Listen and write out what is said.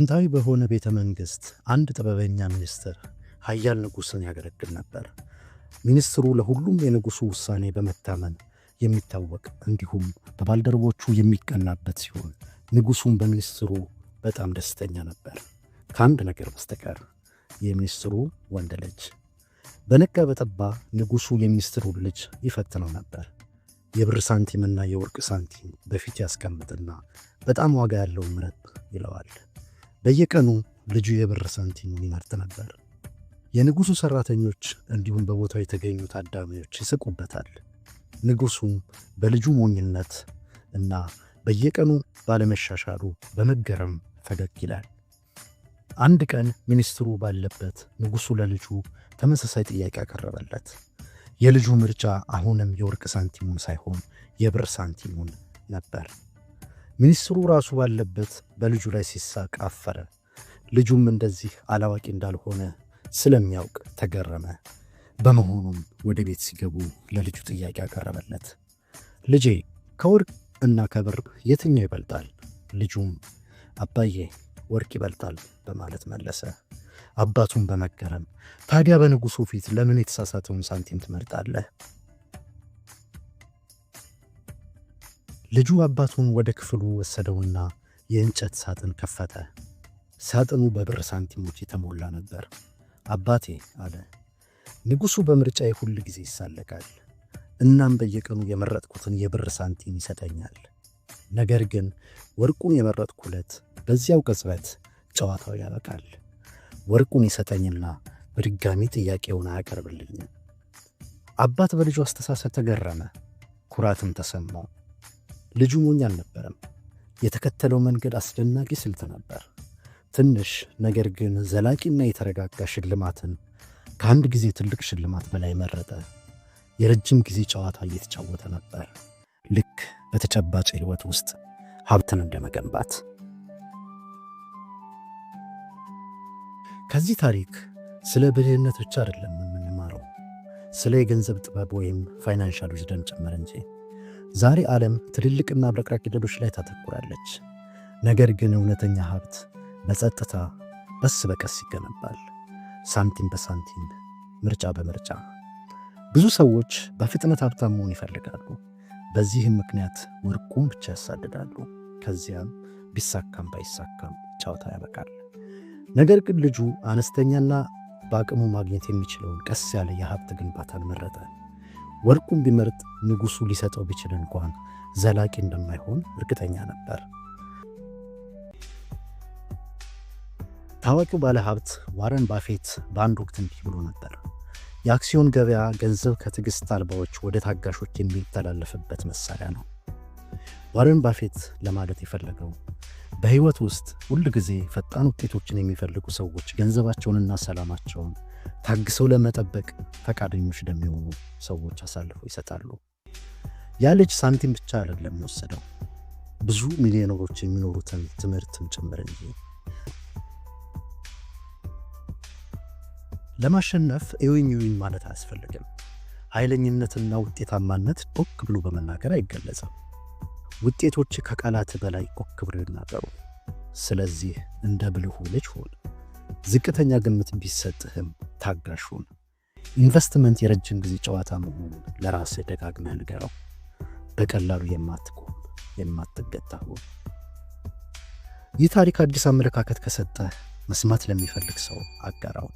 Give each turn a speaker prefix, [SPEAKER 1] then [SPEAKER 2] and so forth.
[SPEAKER 1] ጥንታዊ በሆነ ቤተ መንግሥት አንድ ጥበበኛ ሚኒስትር ኃያል ንጉሥን ያገለግል ነበር። ሚኒስትሩ ለሁሉም የንጉሡ ውሳኔ በመታመን የሚታወቅ እንዲሁም በባልደረቦቹ የሚቀናበት ሲሆን ንጉሡም በሚኒስትሩ በጣም ደስተኛ ነበር፣ ከአንድ ነገር በስተቀር የሚኒስትሩ ወንድ ልጅ። በነጋ በጠባ ንጉሡ የሚኒስትሩን ልጅ ይፈትነው ነበር። የብር ሳንቲምና የወርቅ ሳንቲም በፊት ያስቀምጥና በጣም ዋጋ ያለው ምረጥ ይለዋል። በየቀኑ ልጁ የብር ሳንቲሙን ይመርጥ ነበር። የንጉሡ ሠራተኞች እንዲሁም በቦታው የተገኙ ታዳሚዎች ይስቁበታል። ንጉሡም በልጁ ሞኝነት እና በየቀኑ ባለመሻሻሉ በመገረም ፈገግ ይላል። አንድ ቀን ሚኒስትሩ ባለበት ንጉሡ ለልጁ ተመሳሳይ ጥያቄ አቀረበለት። የልጁ ምርጫ አሁንም የወርቅ ሳንቲሙን ሳይሆን የብር ሳንቲሙን ነበር። ሚኒስትሩ ራሱ ባለበት በልጁ ላይ ሲሳቅ አፈረ። ልጁም እንደዚህ አላዋቂ እንዳልሆነ ስለሚያውቅ ተገረመ። በመሆኑም ወደ ቤት ሲገቡ ለልጁ ጥያቄ አቀረበለት። ልጄ ከወርቅ እና ከብር የትኛው ይበልጣል? ልጁም አባዬ ወርቅ ይበልጣል በማለት መለሰ። አባቱን በመገረም ታዲያ በንጉሱ ፊት ለምን የተሳሳተውን ሳንቲም ትመርጣለህ? ልጁ አባቱን ወደ ክፍሉ ወሰደውና የእንጨት ሳጥን ከፈተ። ሳጥኑ በብር ሳንቲሞች የተሞላ ነበር። አባቴ አለ፣ ንጉሡ በምርጫዬ ሁል ጊዜ ይሳለቃል። እናም በየቀኑ የመረጥኩትን የብር ሳንቲም ይሰጠኛል። ነገር ግን ወርቁን የመረጥኩ ለት በዚያው ቅጽበት ጨዋታው ያበቃል። ወርቁን ይሰጠኝና በድጋሚ ጥያቄውን አያቀርብልኝም። አባት በልጁ አስተሳሰብ ተገረመ፣ ኩራትም ተሰማው። ልጁ ሞኝ አልነበረም። የተከተለው መንገድ አስደናቂ ስልት ነበር። ትንሽ ነገር ግን ዘላቂና የተረጋጋ ሽልማትን ከአንድ ጊዜ ትልቅ ሽልማት በላይ መረጠ። የረጅም ጊዜ ጨዋታ እየተጫወተ ነበር፣ ልክ በተጨባጭ ሕይወት ውስጥ ሀብትን እንደመገንባት።
[SPEAKER 2] ከዚህ ታሪክ ስለ ብልህነት ብቻ አይደለም የምንማረው፣ ስለ የገንዘብ ጥበብ ወይም ፋይናንሻል ዊዝደም ጭምር እንጂ ዛሬ ዓለም ትልልቅና ብረቅራቅ ገደሎች ላይ ታተኩራለች። ነገር ግን እውነተኛ ሀብት በጸጥታ ቀስ በቀስ ይገነባል፣ ሳንቲም በሳንቲም ምርጫ በምርጫ። ብዙ ሰዎች በፍጥነት ሀብታም መሆን ይፈልጋሉ። በዚህም ምክንያት ወርቁን ብቻ ያሳድዳሉ። ከዚያም ቢሳካም ባይሳካም ጨዋታ ያበቃል። ነገር ግን ልጁ አነስተኛና በአቅሙ ማግኘት የሚችለውን ቀስ ያለ የሀብት ግንባታን መረጠ። ወርቁን ቢመርጥ ንጉሱ ሊሰጠው ቢችል እንኳን ዘላቂ እንደማይሆን እርግጠኛ ነበር። ታዋቂው ባለሀብት ዋረን ባፌት በአንድ ወቅት እንዲህ ብሎ ነበር። የአክሲዮን ገበያ ገንዘብ ከትዕግስት አልባዎች ወደ ታጋሾች የሚተላለፍበት መሳሪያ ነው። ዋረን ባፌት ለማለት የፈለገው በህይወት ውስጥ ሁል ጊዜ ፈጣን ውጤቶችን የሚፈልጉ ሰዎች ገንዘባቸውንና ሰላማቸውን ታግሰው ለመጠበቅ ፈቃደኞች ለሚሆኑ ሰዎች አሳልፈው ይሰጣሉ። ያ ልጅ ሳንቲም ብቻ አይደለም የወሰደው፣ ብዙ ሚሊዮነሮች የሚኖሩትን ትምህርትን ጭምር እንጂ። ለማሸነፍ እዩኝ እዩኝ ማለት አያስፈልግም። ኃይለኝነትና ውጤታማነት ቆክ ብሎ በመናገር አይገለጽም። ውጤቶች ከቃላት በላይ ቆክ ብሎ ይናገሩ። ስለዚህ እንደ ብልሁ ልጅ ሆን። ዝቅተኛ ግምት ቢሰጥህም ታጋሽ ሁን። ኢንቨስትመንት የረጅም ጊዜ ጨዋታ መሆኑን ለራስህ ደጋግመህ ንገረው። በቀላሉ የማትቆም የማትገታ ሁን። ይህ ታሪክ አዲስ አመለካከት ከሰጠህ መስማት ለሚፈልግ ሰው አጋራው።